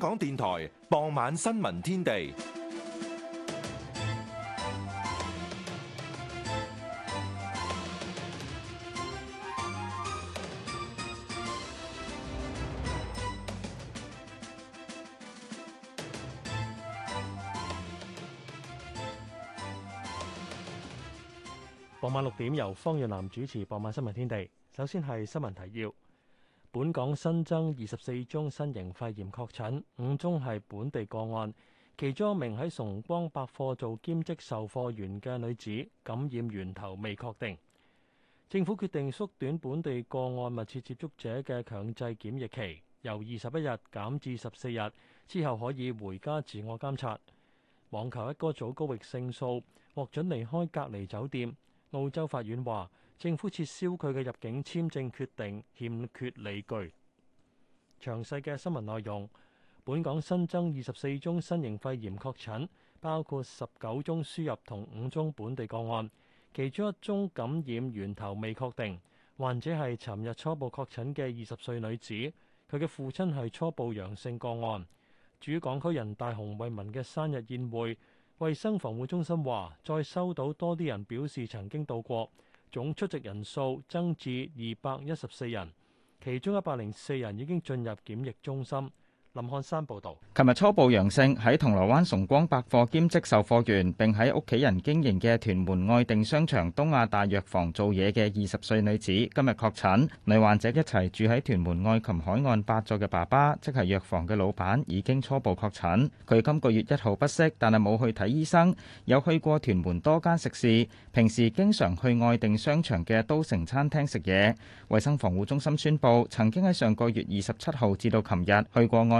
港電台傍晚新聞天地。傍晚六點由方若南主持傍晚新聞天地。首先係新聞提要。本港新增二十四宗新型肺炎確診，五宗係本地個案，其中一名喺崇光百貨做兼職售貨員嘅女子感染源頭未確定。政府決定縮短本地個案密切接觸者嘅強制檢疫期，由二十一日減至十四日，之後可以回家自我監察。網球一哥祖高域勝訴，獲准離開隔離酒店。澳洲法院話，政府撤銷佢嘅入境簽證決定，欠缺理據。詳細嘅新聞內容，本港新增二十四宗新型肺炎確診，包括十九宗輸入同五宗本地個案，其中一宗感染源頭未確定。患者係尋日初步確診嘅二十歲女子，佢嘅父親係初步陽性個案，主港區人大洪為民嘅生日宴會。衛生防護中心話，再收到多啲人表示曾經到過。總出席人數增至二百一十四人，其中一百零四人已經進入檢疫中心。林漢山報道，琴日初步陽性喺銅鑼灣崇光百貨兼職售貨員，並喺屋企人經營嘅屯門愛定商場東亞大藥房做嘢嘅二十歲女子今日確診。女患者一齊住喺屯門愛琴海岸八座嘅爸爸，即係藥房嘅老闆，已經初步確診。佢今個月一號不適，但係冇去睇醫生，有去過屯門多間食肆，平時經常去愛定商場嘅都城餐廳食嘢。衛生防護中心宣布，曾經喺上個月二十七號至到琴日去過愛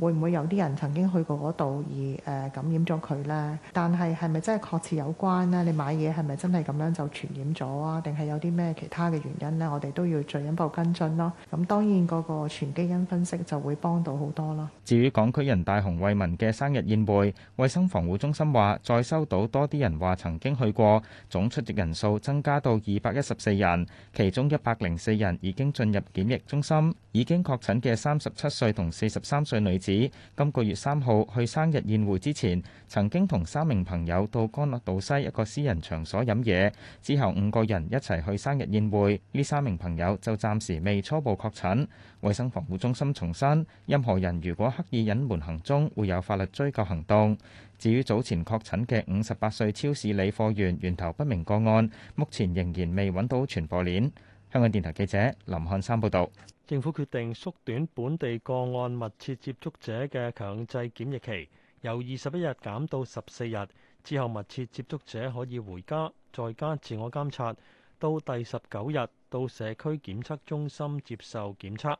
會唔會有啲人曾經去過嗰度而誒感染咗佢呢？但係係咪真係確切有關呢？你買嘢係咪真係咁樣就傳染咗啊？定係有啲咩其他嘅原因呢？我哋都要進一步跟進咯。咁當然嗰個全基因分析就會幫到好多咯。至於港區人大洪為民嘅生日宴會，衛生防護中心話再收到多啲人話曾經去過，總出席人數增加到二百一十四人，其中一百零四人已經進入檢疫中心，已經確診嘅三十七歲同四十三歲女子，今個月三號去生日宴會之前，曾經同三名朋友到干諾道西一個私人場所飲嘢，之後五個人一齊去生日宴會。呢三名朋友就暫時未初步確診。衛生防護中心重申，任何人如果刻意隱瞞行蹤，會有法律追究行動。至於早前確診嘅五十八歲超市理貨員源頭不明個案，目前仍然未揾到傳播鏈。香港電台記者林漢山報道。政府決定縮短本地個案密切接觸者嘅強制檢疫期，由二十一日減到十四日。之後，密切接觸者可以回家在家自我監察，到第十九日到社區檢測中心接受檢測。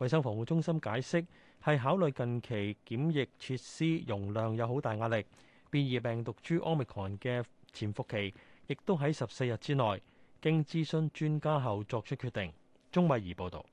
衛生防護中心解釋係考慮近期檢疫設施容量有好大壓力，變異病毒株 Omicron 嘅潛伏期亦都喺十四日之內。經諮詢專家後作出決定。鍾慧儀報導。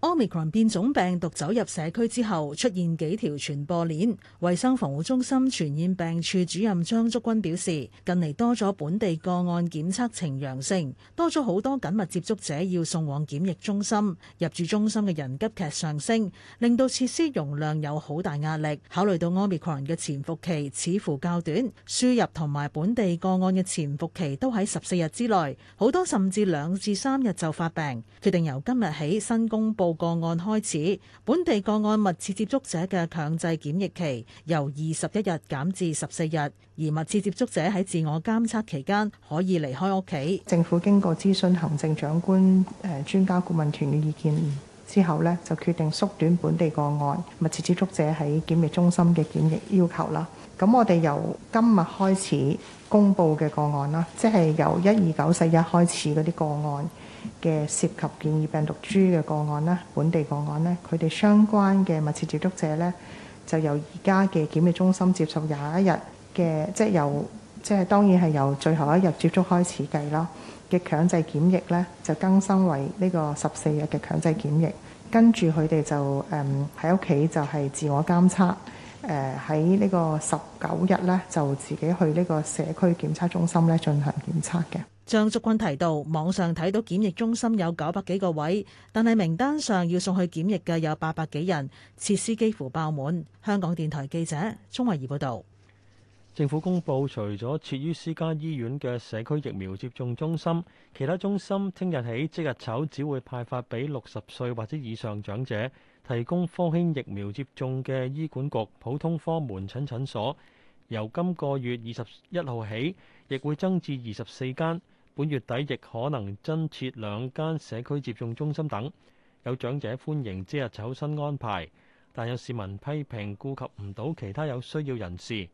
Omicron 變種病毒走入社區之後，出現幾條傳播鏈。衞生防護中心傳染病處主任張竹君表示：近嚟多咗本地個案檢測呈陽性，多咗好多緊密接觸者要送往檢疫中心，入住中心嘅人急劇上升，令到設施容量有好大壓力。考慮到 Omicron 嘅潛伏期似乎較短，輸入同埋本地個案嘅潛伏期都喺十四日之內，好多甚至兩至三日就發病。決定由今日起新公布。個案開始，本地個案密切接觸者嘅強制檢疫期由二十一日減至十四日，而密切接觸者喺自我監測期間可以離開屋企。政府經過諮詢行政長官誒專家顧問團嘅意見之後呢，就決定縮短本地個案密切接觸者喺檢疫中心嘅檢疫要求啦。咁我哋由今日開始公布嘅個案啦，即係由一二九四一開始嗰啲個案。就是嘅涉及建議病毒株嘅個案咧，本地個案呢，佢哋相關嘅密切接觸者呢，就由而家嘅檢疫中心接受廿一日嘅，即係由即係當然係由最後一日接觸開始計咯嘅強制檢疫呢，就更新為呢個十四日嘅強制檢疫，跟住佢哋就誒喺屋企就係自我監測，誒喺呢個十九日呢，就自己去呢個社區檢測中心咧進行檢測嘅。張竹君提到，網上睇到檢疫中心有九百幾個位，但係名單上要送去檢疫嘅有八百幾人，設施幾乎爆滿。香港電台記者鍾慧儀報道。政府公布，除咗設於私家醫院嘅社區疫苗接種中心，其他中心聽日起即日籌只會派發俾六十歲或者以上長者提供科興疫苗接種嘅醫管局普通科門診診所，由今個月二十一號起，亦會增至二十四間。本月底亦可能增設兩間社區接種中心等，有長者歡迎即日籌新安排，但有市民批評顧及唔到其他有需要人士。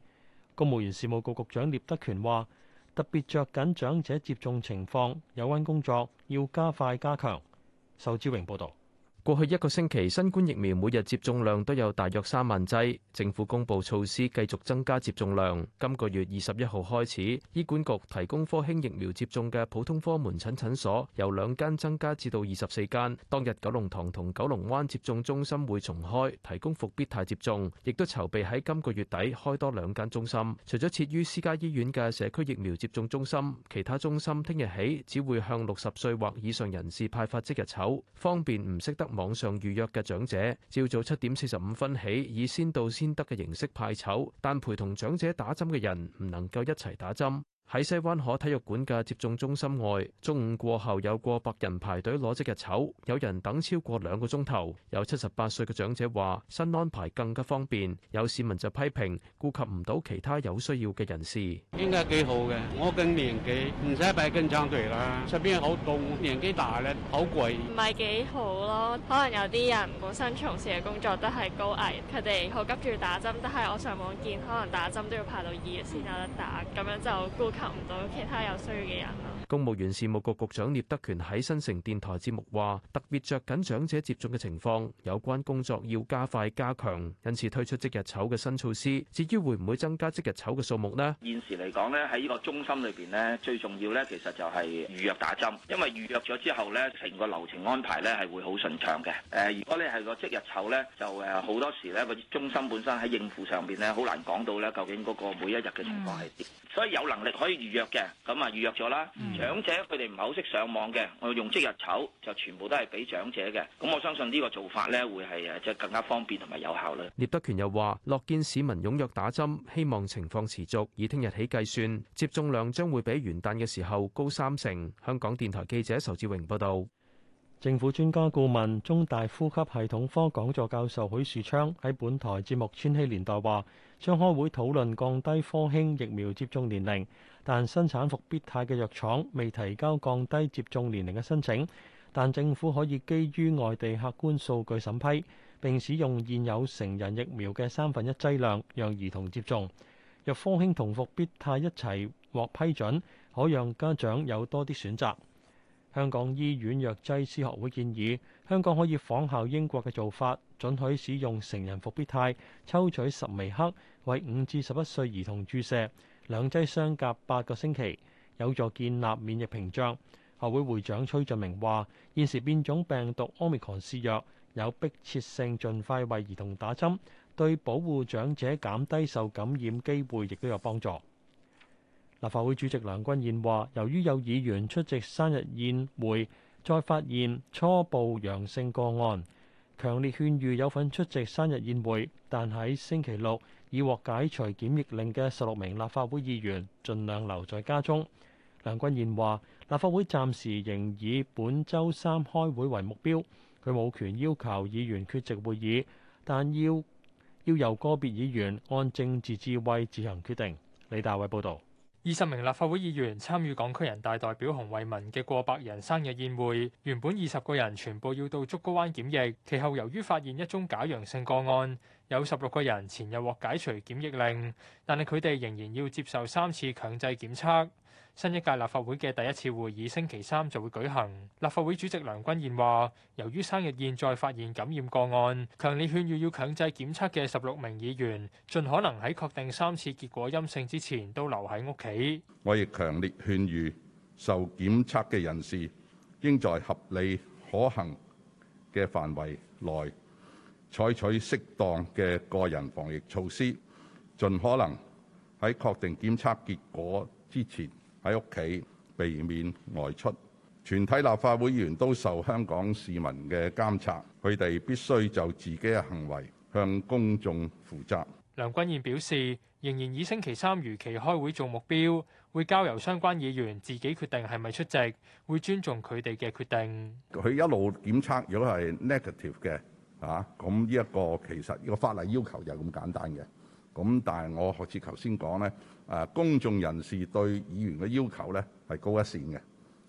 公務員事務局局長聶德權話：特別著緊長者接種情況，有關工作要加快加強。仇志榮報道。過去一個星期，新冠疫苗每日接種量都有大約三萬劑。政府公布措施，繼續增加接種量。今個月二十一號開始，醫管局提供科興疫苗接種嘅普通科門診診所，由兩間增加至到二十四間。當日，九龍塘同九龍灣接種中心會重開，提供復必泰接種，亦都籌備喺今個月底開多兩間中心。除咗設於私家醫院嘅社區疫苗接種中心，其他中心聽日起只會向六十歲或以上人士派發即日籌，方便唔識得網上預約嘅長者，朝早七點四十五分起，以先到先得嘅形式派籌，但陪同長者打針嘅人唔能夠一齊打針。喺西灣河體育館嘅接種中心外，中午過後有過百人排隊攞即日籌，有人等超過兩個鐘頭。有七十八歲嘅長者話：新安排更加方便。有市民就批評顧及唔到其他有需要嘅人士。應該幾好嘅，我嘅年紀唔使排咁長隊啦。出邊好凍，年紀大咧好攰。唔係幾好咯，可能有啲人本身從事嘅工作都係高危，佢哋好急住打針，但係我上網見可能打針都要排到二月先有得打，咁樣就顧及救唔到其他有需要嘅人咯。公務員事務局局長聶德權喺新城電台節目話：特別著緊長者接種嘅情況，有關工作要加快加強，因此推出即日籌嘅新措施。至於會唔會增加即日籌嘅數目呢？現時嚟講咧，喺呢個中心裏邊咧，最重要咧，其實就係預約打針，因為預約咗之後咧，成個流程安排咧係會好順暢嘅。誒，如果你係個即日籌咧，就誒好多時咧個中心本身喺應付上邊咧，好難講到咧究竟嗰個每一日嘅情況係點。所以有能力。可以預約嘅，咁啊預約咗啦。長者佢哋唔係好識上網嘅，我用即日籌就全部都係俾長者嘅。咁我相信呢個做法咧，會係誒即係更加方便同埋有效率。聶德權又話：樂見市民踴躍打針，希望情況持續，以聽日起計算，接種量將會比元旦嘅時候高三成。香港電台記者仇志榮報導。政府專家顧問、中大呼吸系統科講座教授許樹昌喺本台節目《千禧年代》話。將開會討論降低科興疫苗接種年齡，但生產復必泰嘅藥廠未提交降低接種年齡嘅申請。但政府可以基於外地客觀數據審批，並使用現有成人疫苗嘅三分一劑量，讓兒童接種。若科興同復必泰一齊獲批准，可讓家長有多啲選擇。香港醫院藥劑師學會建議。香港可以仿效英國嘅做法，准許使用成人復必泰，抽取十微克，為五至十一歲兒童注射兩劑，相隔八個星期，有助建立免疫屏障。學會會長崔俊明話：現時變種病毒 Omicron 肆虐，有迫切性，盡快為兒童打針，對保護長者減低受感染機會，亦都有幫助。立法會主席梁君彥話：由於有議員出席生日宴會。再發現初步陽性個案，強烈勸喻有份出席生日宴會，但喺星期六已獲解除檢疫令嘅十六名立法會議員，盡量留在家中。梁君彥話：立法會暫時仍以本週三開會為目標，佢冇權要求議員缺席會議，但要要由個別議員按政治智慧自行決定。李大衛報導。二十名立法會議員參與港區人大代表洪為民嘅過百人生日宴會，原本二十個人全部要到竹篙灣檢疫，其後由於發現一宗假陽性個案。有十六個人前日獲解除檢疫令，但係佢哋仍然要接受三次強制檢測。新一屆立法會嘅第一次會議星期三就會舉行。立法會主席梁君彥話，由於生日宴再發現感染個案，強烈勸喻要強制檢測嘅十六名議員，盡可能喺確定三次結果陰性之前都留喺屋企。我亦強烈勸喻受檢測嘅人士，應在合理可行嘅範圍內，採取適當嘅個人防疫措施，盡可能喺確定檢測結果之前喺屋企避免外出。全體立法會議員都受香港市民嘅監察，佢哋必須就自己嘅行為向公眾負責。梁君彥表示，仍然以星期三如期開會做目標，會交由相關議員自己決定係咪出席，會尊重佢哋嘅決定。佢一路檢測，如果係 negative 嘅。啊！咁呢一個其實呢個法例要求就係咁簡單嘅。咁但係我好似頭先講咧，誒、啊、公眾人士對議員嘅要求咧係高一線嘅。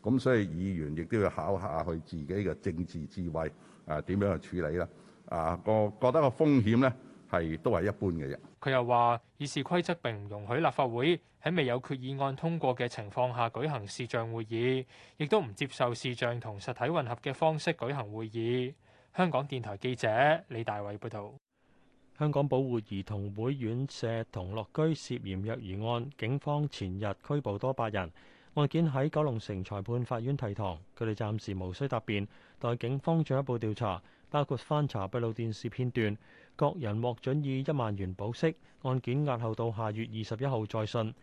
咁、啊、所以議員亦都要考下佢自己嘅政治智慧，誒、啊、點樣去處理啦？啊，我覺得個風險咧係都係一般嘅啫。佢又話議事規則並唔容許立法會喺未有決議案通過嘅情況下舉行視像會議，亦都唔接受視像同實體混合嘅方式舉行會議。香港電台記者李大偉報道：香港保護兒童會院舍同樂居涉嫌虐兒案，警方前日拘捕多八人。案件喺九龍城裁判法院提堂，佢哋暫時無需答辯，待警方進一步調查，包括翻查閉路電視片段。各人獲准以一萬元保釋。案件押後到下月二十一號再訊。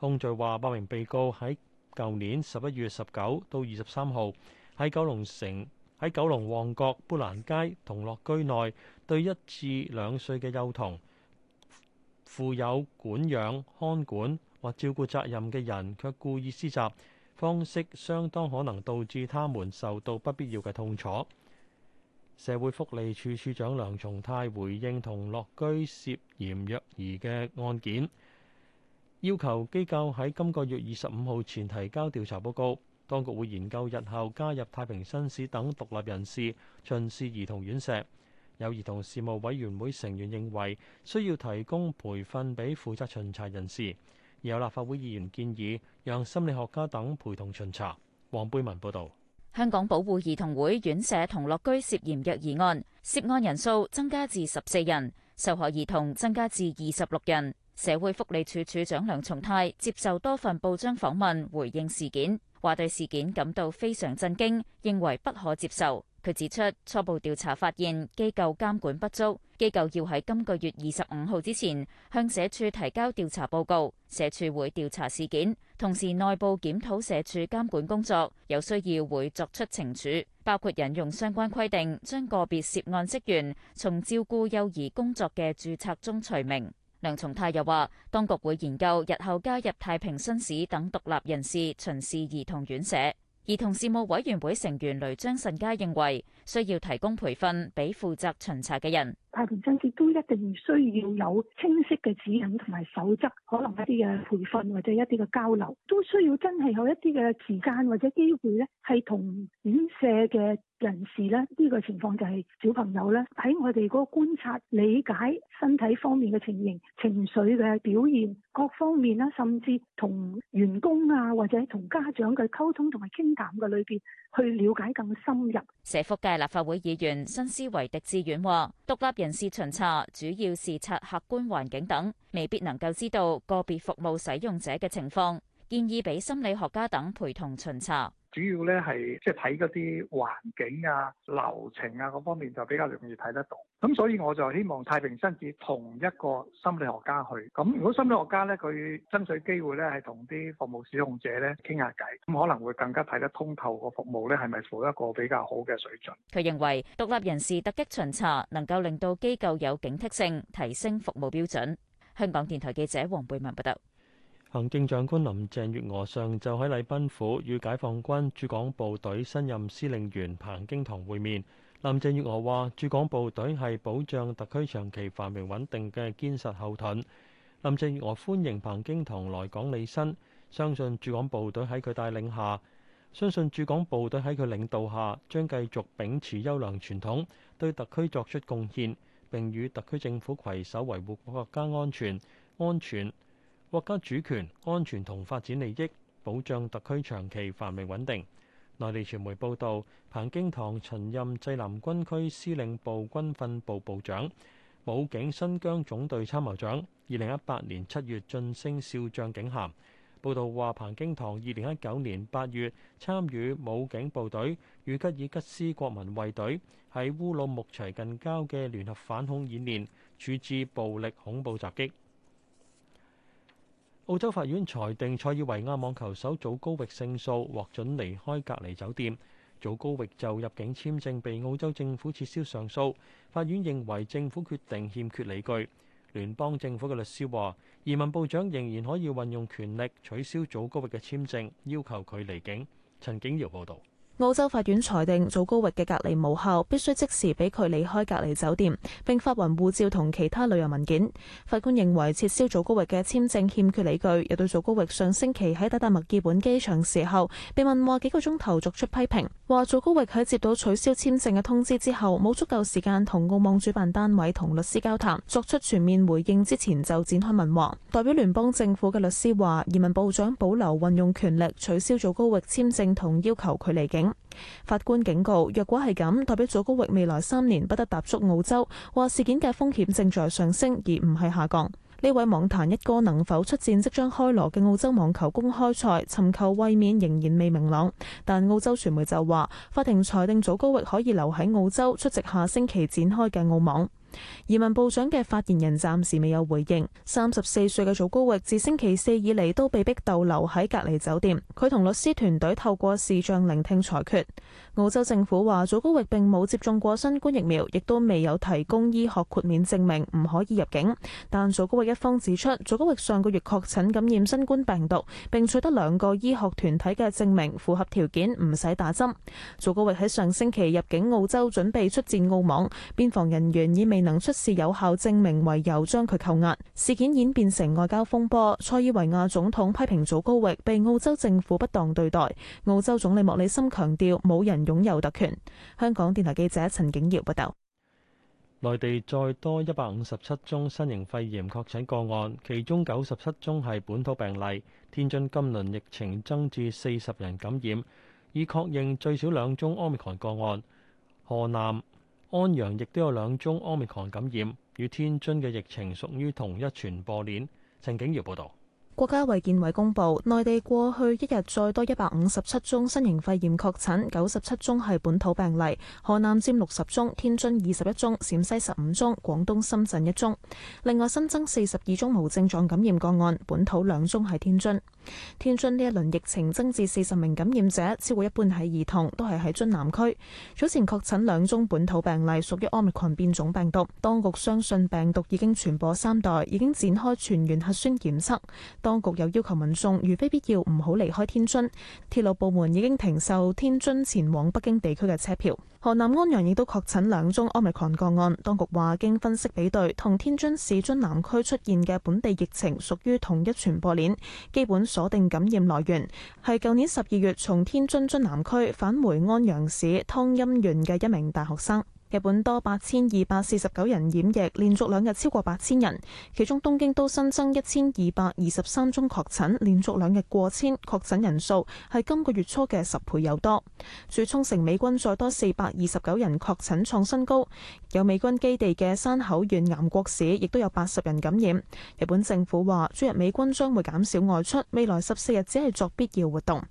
控罪話八名被告喺舊年十一月十九到二十三號喺九龍城，喺九龍旺角砵蘭街同樂居內，對一至兩歲嘅幼童負有管養、看管或照顧責任嘅人，卻故意施襲，方式相當可能導致他們受到不必要嘅痛楚。社會福利署署長梁松泰回應同樂居涉嫌虐兒嘅案件，要求機構喺今個月二十五號前提交調查報告。當局會研究日後加入太平紳士等獨立人士巡視兒童院舍。有兒童事務委員會成員認為需要提供培訓俾負責巡查人士，有立法會議員建議讓心理學家等陪同巡查。黃貝文報導，香港保護兒童會院舍同樂居涉嫌虐兒案，涉案人數增加至十四人，受害兒童增加至二十六人。社會福利署署長梁松泰接受多份報章訪問，回應事件。話對事件感到非常震驚，認為不可接受。佢指出，初步調查發現機構監管不足，機構要喺今個月二十五號之前向社署提交調查報告，社署會調查事件，同時內部檢討社署監管工作，有需要會作出懲處，包括引用相關規定，將個別涉案職員從照顧幼兒工作嘅注冊中除名。梁重泰又話：當局會研究日後加入太平紳士等獨立人士巡視兒童院舍。兒童事務委員會成員雷張慎佳認為，需要提供培訓俾負責巡查嘅人，太平紳士都一定需要有清晰嘅指引同埋守則，可能一啲嘅培訓或者一啲嘅交流，都需要真係有一啲嘅時間或者機會咧，係同院舍嘅人士咧呢、這個情況就係小朋友咧喺我哋嗰個觀察、理解身體方面嘅情形、情緒嘅表現各方面啦，甚至同員工啊或者同家長嘅溝通同埋傾談嘅裏邊去了解更深入社福界。立法會議員新思維狄志遠話：獨立人士巡查主要視察客觀環境等，未必能夠知道個別服務使用者嘅情況，建議俾心理學家等陪同巡查。主要咧，係即係睇嗰啲環境啊、流程啊嗰方面就比較容易睇得到。咁所以我就希望太平紳士同一個心理學家去。咁如果心理學家咧，佢爭取機會咧，係同啲服務使用者咧傾下偈，咁可能會更加睇得通透個服務咧係咪符合一個比較好嘅水準。佢認為獨立人士突擊巡查能夠令到機構有警惕性，提升服務標準。香港電台記者黃貝文報道。行政長官林鄭月娥上晝喺禮賓府與解放軍駐港部隊新任司令員彭京堂會面。林鄭月娥話，駐港部隊係保障特區長期繁榮穩定嘅堅實後盾。林鄭月娥歡迎彭京堂來港履新，相信駐港部隊喺佢帶領下，相信駐港部隊喺佢領導下，將繼續秉持優良傳統，對特區作出貢獻，並與特區政府攜手維護國家安全安全。國家主權、安全同發展利益保障特區長期繁榮穩定。內地傳媒報導，彭京堂曾任濟南軍區司令部軍訓部部長、武警新疆總隊參謀長。二零一八年七月晉升少將警銜。報導話，彭京堂二零一九年八月參與武警部隊與吉爾吉斯國民衛隊喺烏魯木齊近郊嘅聯合反恐演練，處置暴力恐怖襲擊。澳洲法院裁定，塞爾維亞網球手祖高域勝訴獲准離開隔離酒店。祖高域就入境簽證被澳洲政府撤銷上訴，法院認為政府決定欠缺理據。聯邦政府嘅律師話：移民部長仍然可以運用權力取消祖高域嘅簽證，要求佢離境。陳景瑤報道。澳洲法院裁定祖高域嘅隔離無效，必須即時俾佢離開隔離酒店，並發還護照同其他旅遊文件。法官認為，撤銷祖高域嘅簽證欠缺理據。又對祖高域上星期喺抵達墨爾本機場時候被問話幾個鐘頭作出批評，話祖高域喺接到取消簽證嘅通知之後，冇足夠時間同澳網主辦單位同律師交談，作出全面回應之前就展開問話。代表聯邦政府嘅律師話，移民部長保留運用權力取消祖高域簽證同要求佢離境。法官警告：若果係咁，代表祖高域未來三年不得踏足澳洲。話事件嘅風險正在上升，而唔係下降。呢位網壇一哥能否出戰即將開鑼嘅澳洲網球公開賽，尋求衛冕仍然未明朗。但澳洲傳媒就話，法庭裁定祖高域可以留喺澳洲出席下星期展開嘅澳網。移民部長嘅發言人暫時未有回應。三十四歲嘅祖高域自星期四以嚟都被逼逗留喺隔離酒店。佢同律師團隊透過視像聆聽裁決。澳洲政府話祖高域並冇接種過新冠疫苗，亦都未有提供醫學豁免證明唔可以入境。但祖高域一方指出，祖高域上個月確診感染新冠病毒，並取得兩個醫學團體嘅證明，符合條件唔使打針。祖高域喺上星期入境澳洲，準備出戰澳網。邊防人員已未能能出示有效證明為由將佢扣押，事件演變成外交風波。塞爾維亞總統批評祖高域被澳洲政府不當對待，澳洲總理莫里森強調冇人擁有特權。香港電台記者陳景耀報道。內地再多一百五十七宗新型肺炎確診個案，其中九十七宗係本土病例。天津今輪疫情增至四十人感染，已確認最少兩宗奧密克戎個案。河南安陽亦都有兩宗 Omicron 感染，與天津嘅疫情屬於同一傳播鏈。陳景耀報道，國家衛健委公布，內地過去一日再多一百五十七宗新型肺炎確診，九十七宗係本土病例，河南佔六十宗，天津二十一宗，陝西十五宗，廣東深圳一宗。另外新增四十二宗無症狀感染個案，本土兩宗係天津。天津呢一輪疫情增至四十名感染者，超過一半係兒童，都係喺津南區。早前確診兩宗本土病例，屬於奧密克戎變種病毒。當局相信病毒已經傳播三代，已經展開全員核酸檢測。當局又要求民眾如非必要唔好離開天津。鐵路部門已經停售天津前往北京地區嘅車票。河南安陽亦都確診兩宗 Omicron 個案，當局話經分析比對，同天津市津南區出現嘅本地疫情屬於同一傳播鏈，基本鎖定感染來源，係舊年十二月從天津津南區返回安陽市湯陰縣嘅一名大學生。日本多八千二百四十九人染疫，連續兩日超過八千人，其中東京都新增一千二百二十三宗確診，連續兩日過千，確診人數係今個月初嘅十倍有多。駐沖繩美軍再多四百二十九人確診創新高，有美軍基地嘅山口縣岩國市亦都有八十人感染。日本政府話，駐日美軍將會減少外出，未來十四日只係作必要活動。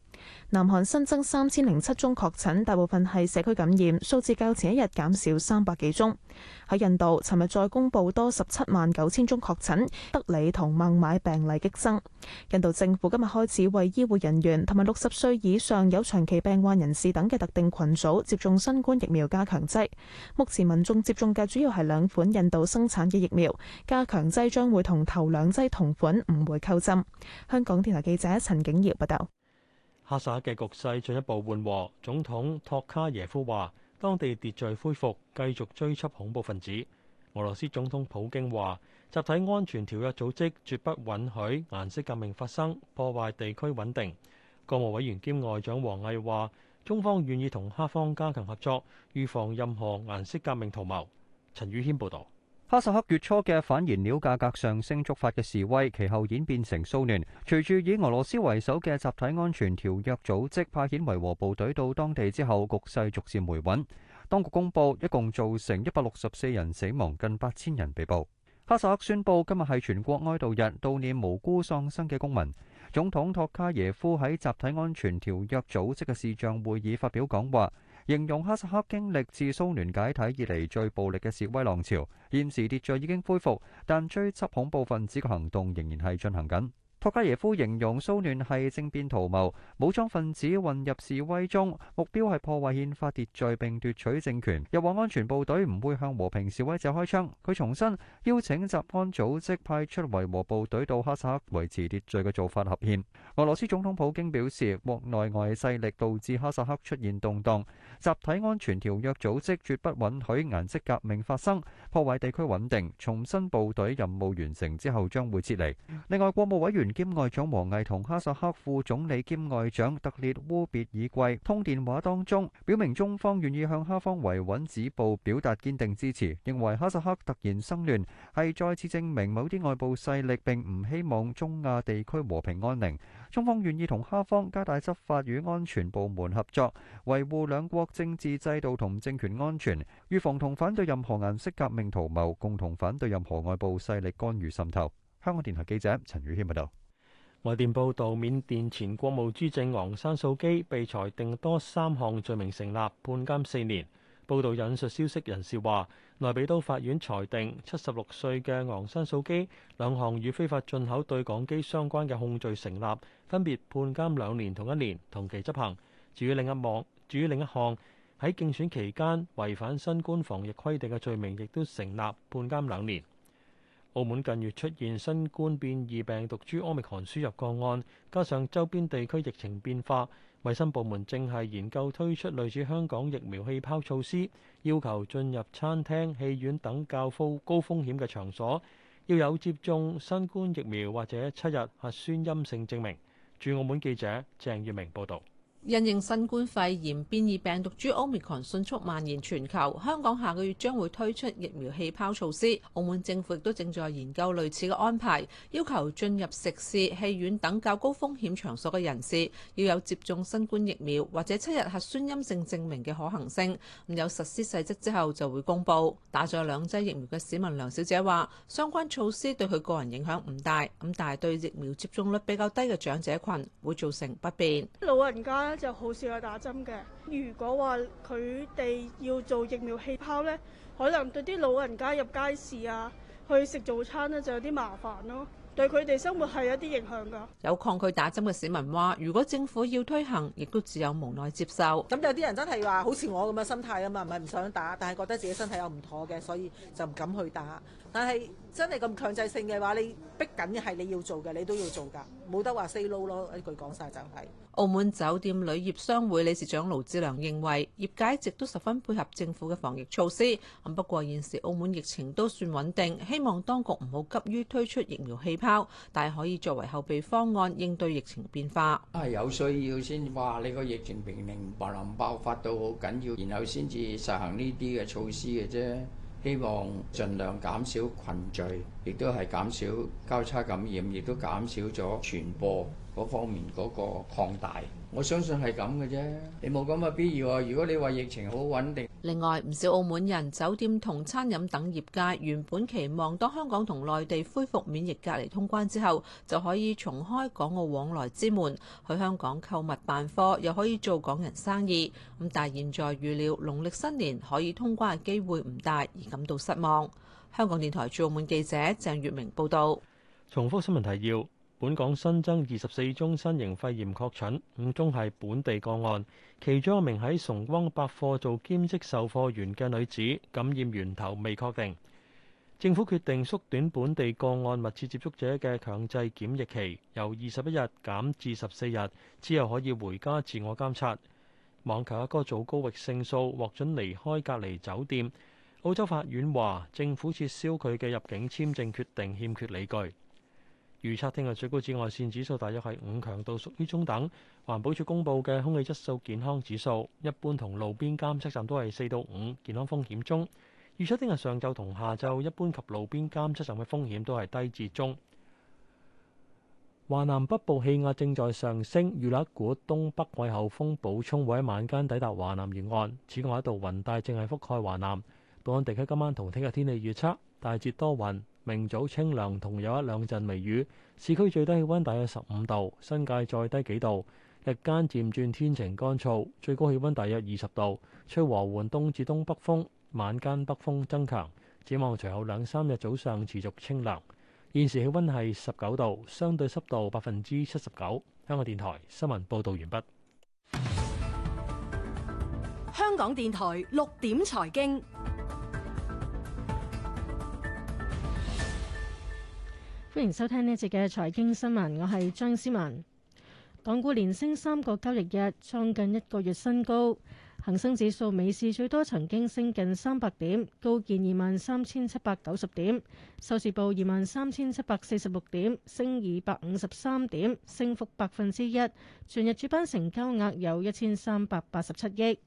南韓新增三千零七宗確診，大部分係社區感染，數字較前一日減少三百幾宗。喺印度，尋日再公布多十七萬九千宗確診，德里同孟買病例激增。印度政府今日開始為醫護人員同埋六十歲以上有長期病患人士等嘅特定群組接種新冠疫苗加強劑。目前民眾接種嘅主要係兩款印度生產嘅疫苗，加強劑將會同頭兩劑同款，唔會溝針。香港電台記者陳景業報道。哈薩克嘅局勢進一步緩和，總統托卡耶夫話：當地秩序恢復，繼續追緝恐怖分子。俄羅斯總統普京話：集體安全條約組織絕不允許顏色革命發生，破壞地區穩定。國務委員兼外長王毅話：中方願意同哈方加強合作，預防任何顏色革命圖謀。陳宇軒報導。哈薩克月初嘅反燃料價格上升觸發嘅示威，其後演變成騷亂。隨住以俄羅斯為首嘅集體安全條約組織派遣維和部隊到當地之後，局勢逐漸回穩。當局公佈一共造成一百六十四人死亡，近八千人被捕。哈薩克宣布今日係全國哀悼日，悼念無辜喪生嘅公民。總統托卡耶夫喺集體安全條約組織嘅視像會議發表講話。形容哈薩克經歷自蘇聯解體以嚟最暴力嘅示威浪潮，現時秩序已經恢復，但追緝恐怖分子嘅行動仍然係進行緊。托加耶夫形容蘇聯係政變圖謀，武裝分子混入示威中，目標係破壞憲法秩序並奪取政權。又話安全部隊唔會向和平示威者開槍。佢重申邀請集安組織派出維和部隊到哈薩克維持秩序嘅做法合憲。俄羅斯總統普京表示，國內外勢力導致哈薩克出現動盪。集體安全條約組織絕不允許顏色革命發生，破壞地區穩定。重新部隊任務完成之後，將會撤離。另外，國務委員兼外長王毅同哈薩克副總理兼外長特列烏別爾季通電話，當中表明中方願意向哈方維穩止暴表達堅定支持，認為哈薩克突然生亂係再次證明某啲外部勢力並唔希望中亞地區和平安寧。中方願意同哈方加大執法與安全部門合作，維護兩國政治制度同政權安全，預防同反對任何顏色革命圖謀，共同反對任何外部勢力干預滲透。香港電台記者陳宇軒報道。外電報道，緬甸前國務資政昂山素姬被裁定多三項罪名成立，判監四年。報道引述消息人士話，內比都法院裁定七十六歲嘅昂山素姬兩項與非法進口對講機相關嘅控罪成立，分別判監兩年同一年，同期執行。至於另一幕，至於另一項喺競選期間違反新冠防疫規定嘅罪名，亦都成立，判監兩年。澳門近月出現新冠變異病毒株奧密克戎輸入個案，加上周邊地區疫情變化。衛生部門正係研究推出類似香港疫苗氣泡措施，要求進入餐廳、戲院等較高風險嘅場所，要有接種新冠疫苗或者七日核酸陰性證明。駐澳門記者鄭月明報道。因應新冠肺炎變異病毒株 Omicron 迅速蔓延全球，香港下個月將會推出疫苗氣泡措施。澳門政府亦都正在研究類似嘅安排，要求進入食肆、戲院等較高風險場所嘅人士要有接種新冠疫苗或者七日核酸陰性證明嘅可行性。咁有實施細則之後就會公佈。打咗兩劑疫苗嘅市民梁小姐話，相關措施對佢個人影響唔大，咁但係對疫苗接種率比較低嘅長者群會造成不便。老人家，就好少有打針嘅。如果話佢哋要做疫苗氣泡呢，可能對啲老人家入街市啊，去食早餐呢就有啲麻煩咯，對佢哋生活係有啲影響噶。有抗拒打針嘅市民話，如果政府要推行，亦都只有無奈接受。咁有啲人真係話好似我咁嘅心態啊嘛，唔係唔想打，但係覺得自己身體有唔妥嘅，所以就唔敢去打。但係真係咁強制性嘅話，你逼緊嘅係你要做嘅，你都要做㗎，冇得話 say no 咯。一句講晒、就係，就係。澳門酒店旅業商會理事長盧志良認為，業界一直都十分配合政府嘅防疫措施。咁不過現時澳門疫情都算穩定，希望當局唔好急於推出疫苗氣泡，但係可以作為後備方案應對疫情變化。係、啊、有需要先，哇！你個疫情平並唔唔爆發到好緊要，然後先至實行呢啲嘅措施嘅啫。希望盡量減少群聚，亦都係減少交叉感染，亦都減少咗傳播嗰方面嗰個擴大。.我相信係咁嘅啫，你冇咁嘅必要啊！如果你話疫情好穩定，另外唔少澳門人、酒店同餐飲等業界原本期望，當香港同內地恢復免疫隔離通關之後，就可以重開港澳往來之門，去香港購物辦貨，又可以做港人生意。咁但係現在預料農曆新年可以通關嘅機會唔大，而感到失望。香港電台駐澳門記者鄭月明報道。重複新聞提要。本港新增二十四宗新型肺炎確診，五宗係本地個案，其中一名喺崇光百貨做兼職售貨員嘅女子感染源頭未確定。政府決定縮短本地個案密切接觸者嘅強制檢疫期，由二十一日減至十四日，之後可以回家自我監察。網球一哥祖高域勝訴獲准離開隔離酒店。澳洲法院話政府撤銷佢嘅入境簽證決定欠缺理據。預測聽日最高紫外線指數大約係五，強度屬於中等。環保署公布嘅空氣質素健康指數，一般同路邊監測站都係四到五，健康風險中。預測聽日上晝同下晝一般及路邊監測站嘅風險都係低至中。華南北部氣壓正在上升，預料一股東北季候風補充會喺晚間抵達華南沿岸。此外，一道雲帶正係覆蓋華南，本港地區今晚同聽日天氣預測大致多雲。明早清涼，同有一兩陣微雨，市區最低氣溫大約十五度，新界再低幾度。日間漸轉天晴、乾燥，最高氣溫大約二十度，吹和緩東至東北風，晚間北風增強。展望隨後兩三日早上持續清涼。現時氣溫係十九度，相對濕度百分之七十九。香港電台新聞報道完畢。香港電台六點財經。歡迎收聽呢一節嘅財經新聞，我係張思文。港股連升三個交易日，創近一個月新高。恒生指數尾市最多曾經升近三百點，高見二萬三千七百九十點。收市報二萬三千七百四十六點，升二百五十三點，升幅百分之一。全日主板成交額有一千三百八十七億。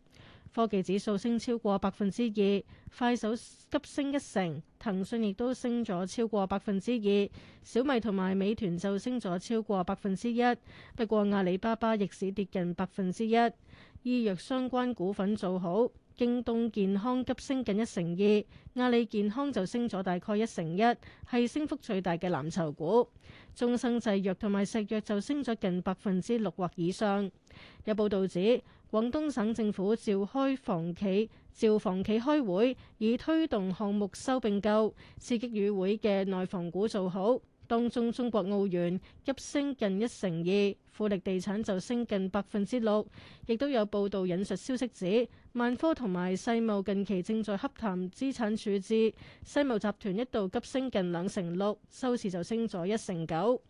科技指數升超過百分之二，快手急升一成，騰訊亦都升咗超過百分之二，小米同埋美團就升咗超過百分之一。不過阿里巴巴逆市跌近百分之一。醫藥相關股份做好，京東健康急升近一成二，2, 阿里健康就升咗大概一成一，係升幅最大嘅藍籌股。中生製藥同埋石藥就升咗近百分之六或以上。有報道指，廣東省政府召開房企召房企開會以推動項目收併購刺激與會嘅內房股做好。當中中國奧園急升近一成二，富力地產就升近百分之六。亦都有報道引述消息指，萬科同埋世茂近期正在洽談資產處置。世茂集團一度急升近兩成六，收市就升咗一成九。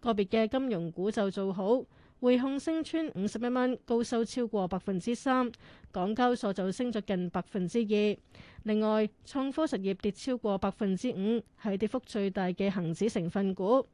個別嘅金融股就做好。匯控升穿五十一蚊，高收超過百分之三，港交所就升咗近百分之二。另外，創科實業跌超過百分之五，係跌幅最大嘅恒指成分股。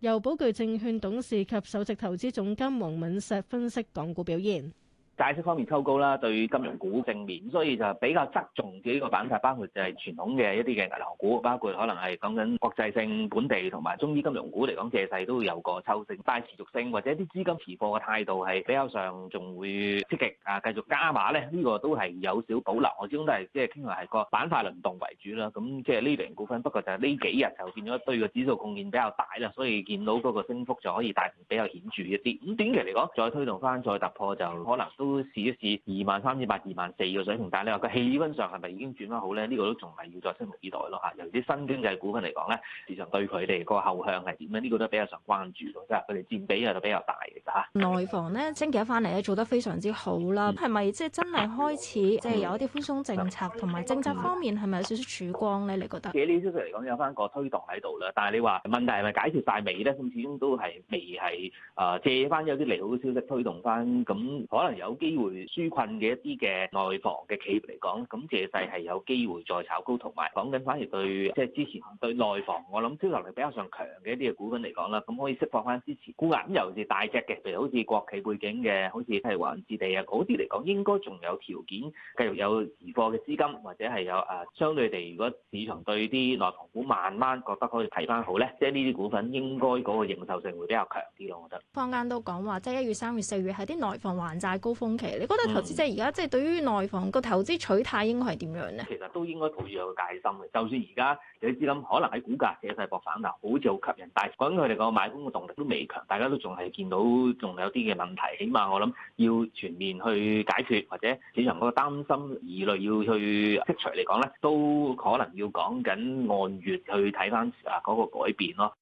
由寶具證券董事及首席投資總監黃敏碩分析港股表現。債息方面抽高啦，對金融股正面，所以就比較側重嘅呢個板塊，包括就係傳統嘅一啲嘅銀行股，包括可能係講緊國際性本地同埋中資金融股嚟講，借勢都會有個抽升，但持續性或者啲資金持貨嘅態度係比較上仲會積極啊，繼續加碼咧，呢、這個都係有少保留。我始終都係即係傾向係個板塊輪動為主啦。咁即係呢類股份，不過就係呢幾日就變咗對個指數貢獻比較大啦，所以見到嗰個升幅就可以大比較顯著一啲。咁短期嚟講，再推動翻再突破就可能都。都試一試二萬三千八、二萬四個水平，但係你話個氣氛上係咪已經轉翻好咧？呢、呢個都仲係要再拭目以待咯嚇。由於啲新經濟股份嚟講咧，市場對佢哋個後向係點樣？呢、呢個都比較上關注㗎，佢哋佔比就比較大嘅。嚇。內房咧，星期一翻嚟咧做得非常之好啦，係咪即係真係開始即係有一啲寬鬆政策同埋、嗯、政策方面係咪有少少曙光咧？嗯、你覺得？嘅呢啲消息嚟講有翻個推動喺度啦，但係你話問題係咪解決曬尾咧？咁始終都係未係啊，借翻有啲利好消息推動翻，咁可能有，機會紓困嘅一啲嘅內房嘅企業嚟講，咁借勢係有機會再炒高，同埋講緊反而對即係、就是、之前對內房，我諗接受力比較上強嘅一啲嘅股份嚟講啦，咁可以釋放翻支持股壓。咁尤其是大隻嘅，譬如好似國企背景嘅，好似譬如華潤置地啊，嗰啲嚟講應該仲有條件繼續有持貨嘅資金，或者係有誒相對地，如果市場對啲內房股慢慢覺得可以睇翻好咧，即係呢啲股份應該嗰個認受性會比較強啲咯，我覺得。坊間都講話，即係一月、三月、四月係啲內房還債高峰。嗯、你覺得投資者而家即係對於內房個投資取態應該係點樣咧？其實都應該抱住有戒心嘅。就算而家你只諗可能喺股價借勢博反彈，好似好吸引，但係講緊佢哋個買盤嘅動力都未強，大家都仲係見到仲有啲嘅問題。起碼我諗要全面去解決，或者市場嗰個擔心疑慮要去剔除嚟講咧，都可能要講緊按月去睇翻啊嗰個改變咯。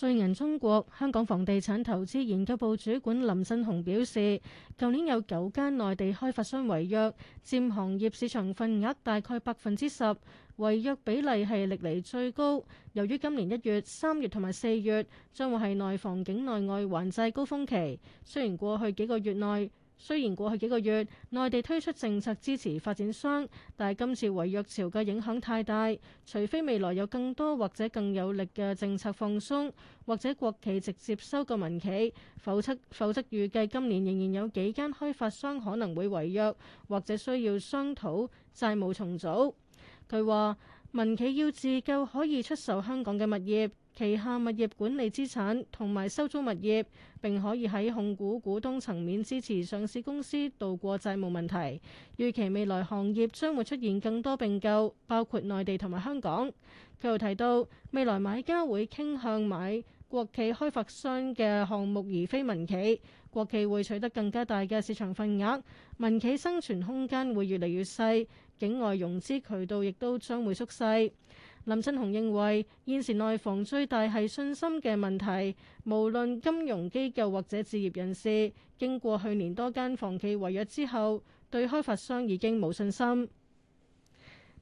瑞銀中國香港房地產投資研究部主管林振雄表示，舊年有九間內地開發商違約，占行業市場份額大概百分之十，違約比例係歷嚟最高。由於今年一月、三月同埋四月將會係內房境內外還債高峰期，雖然過去幾個月內。雖然過去幾個月內地推出政策支持發展商，但係今次違約潮嘅影響太大，除非未來有更多或者更有力嘅政策放鬆，或者國企直接收購民企，否則否則預計今年仍然有幾間開發商可能會違約，或者需要商討債務重組。佢話：民企要自救可以出售香港嘅物業，旗下物業管理資產同埋收租物業，並可以喺控股股東層面支持上市公司度過債務問題。預期未來行業將會出現更多併購，包括內地同埋香港。佢又提到，未來買家會傾向買國企開發商嘅項目，而非民企。國企會取得更加大嘅市場份額，民企生存空間會越嚟越細。境外融資渠道亦都將會縮細，林振雄認為現時內房最大係信心嘅問題，無論金融機構或者置業人士，經過去年多間房企違約之後，對開發商已經冇信心。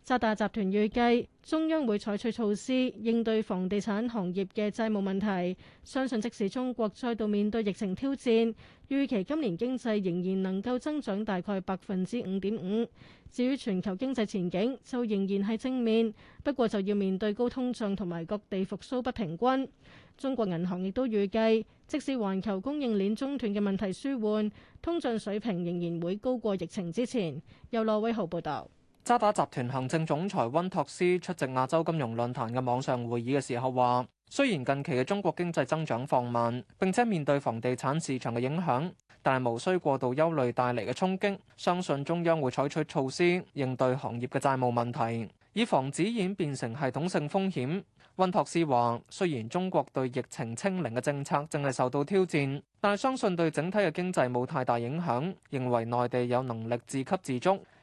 渣打集團預計中央會採取措施應對房地產行業嘅債務問題。相信即使中國再度面對疫情挑戰，預期今年經濟仍然能夠增長大概百分之五點五。至於全球經濟前景就仍然係正面，不過就要面對高通脹同埋各地復甦不平均。中國銀行亦都預計，即使環球供應鏈中斷嘅問題舒緩，通脹水平仍然會高過疫情之前。由羅威豪報道。渣打集團行政總裁温托斯出席亞洲金融論壇嘅網上會議嘅時候話：雖然近期嘅中國經濟增長放慢，並且面對房地產市場嘅影響，但係無需過度憂慮帶嚟嘅衝擊。相信中央會採取措施應對行業嘅債務問題，以防止演變成系統性風險。温托斯話：雖然中國對疫情清零嘅政策正係受到挑戰，但係相信對整體嘅經濟冇太大影響，認為內地有能力自給自足。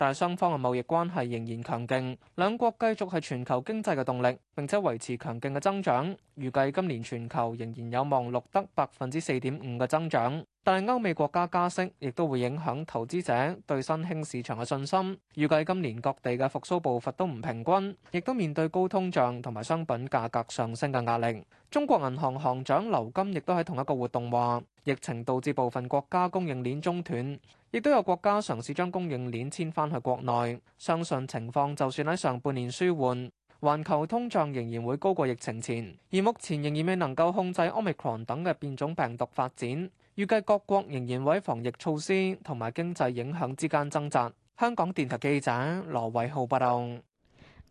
但係雙方嘅貿易關係仍然強勁，兩國繼續係全球經濟嘅動力，並且維持強勁嘅增長。預計今年全球仍然有望錄得百分之四點五嘅增長。但係歐美國家加息，亦都會影響投資者對新興市場嘅信心。預計今年各地嘅復蘇步伐都唔平均，亦都面對高通脹同埋商品價格上升嘅壓力。中國銀行行長劉金亦都喺同一個活動話。疫情導致部分國家供應鏈中斷，亦都有國家嘗試將供應鏈遷翻去國內。相信情況就算喺上半年舒緩，環球通脹仍然會高過疫情前，而目前仍然未能夠控制 Omicron 等嘅變種病毒發展。預計各國仍然會喺防疫措施同埋經濟影響之間掙扎。香港電台記者羅偉浩報道。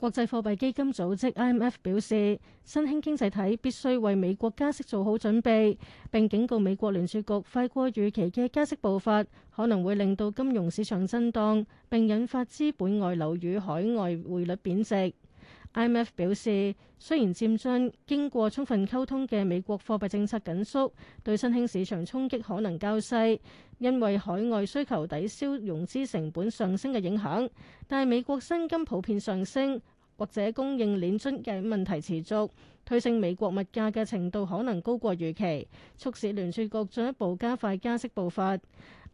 國際貨幣基金組織 IMF 表示，新興經濟體必須為美國加息做好準備，並警告美國聯儲局快過預期嘅加息步伐可能會令到金融市場震盪，並引發資本外流與海外匯率貶值。IMF 表示，雖然漸進經過充分溝通嘅美國貨幣政策緊縮對新興市場衝擊可能較細，因為海外需求抵消融資成本上升嘅影響，但係美國薪金普遍上升或者供應鏈樽頸問題持續，推升美國物價嘅程度可能高過預期，促使聯儲局進一步加快加息步伐。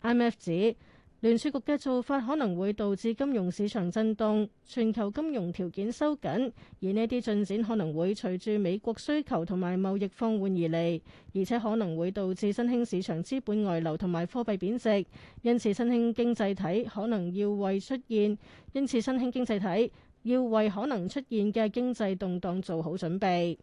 IMF 指。聯儲局嘅做法可能會導致金融市場震動，全球金融條件收緊，而呢啲進展可能會隨住美國需求同埋貿易放緩而嚟，而且可能會導致新興市場資本外流同埋貨幣貶值。因此，新興經濟體可能要為出現，因此新興經濟體要為可能出現嘅經濟動盪做好準備。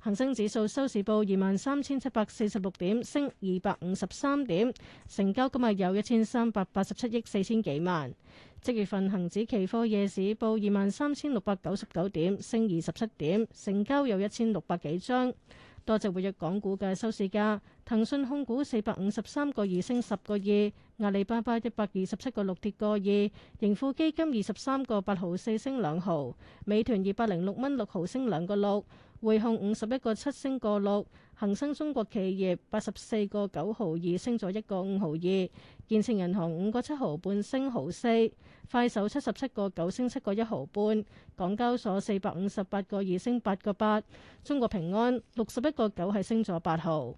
恒生指數收市報二萬三千七百四十六點，升二百五十三點，成交今日有一千三百八十七億四千幾萬。即月份恒指期貨夜市報二萬三千六百九十九點，升二十七點，成交有一千六百幾張。多隻活躍港股嘅收市價：騰訊控股四百五十三個二升十個二，阿里巴巴一百二十七個六跌個二，2, 盈富基金二十三個八毫四升兩毫，美團二百零六蚊六毫升兩個六。匯控五十一個七升個六，恒生中國企業八十四個九毫二升咗一個五毫二，建設銀行五個七毫半升毫四，快手七十七個九升七個一毫半，港交所四百五十八個二升八個八，中國平安六十一個九係升咗八毫。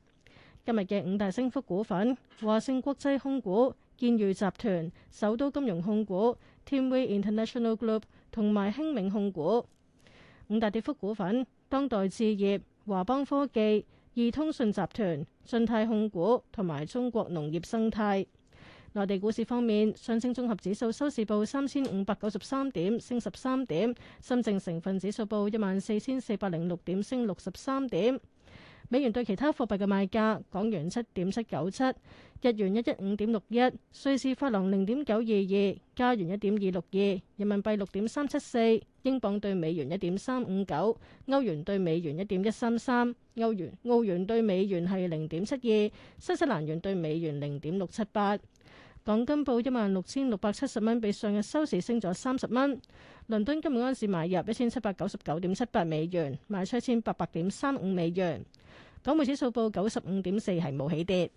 今日嘅五大升幅股份：華盛國際控股、建裕集團、首都金融控股、Teamway International Group 同埋興明控股。五大跌幅股份。當代置業、華邦科技、易通訊集團、信泰控股同埋中國農業生態。內地股市方面，上證綜合指數收市報三千五百九十三點，升十三點；深證成分指數報一萬四千四百零六點，升六十三點。美元對其他貨幣嘅賣價：港元七點七九七，日元一一五點六一，瑞士法郎零點九二二，加元一點二六二，人民幣六點三七四，英鎊對美元一點三五九，歐元對美元一點一三三，歐元、澳元對美元係零點七二，新西蘭元對美元零點六七八。港金報一萬六千六百七十蚊，比上日收市升咗三十蚊。倫敦金每盎司買入一千七百九十九點七八美元，賣出一千八百點三五美元。港匯指數報九十五點四，係冇起跌。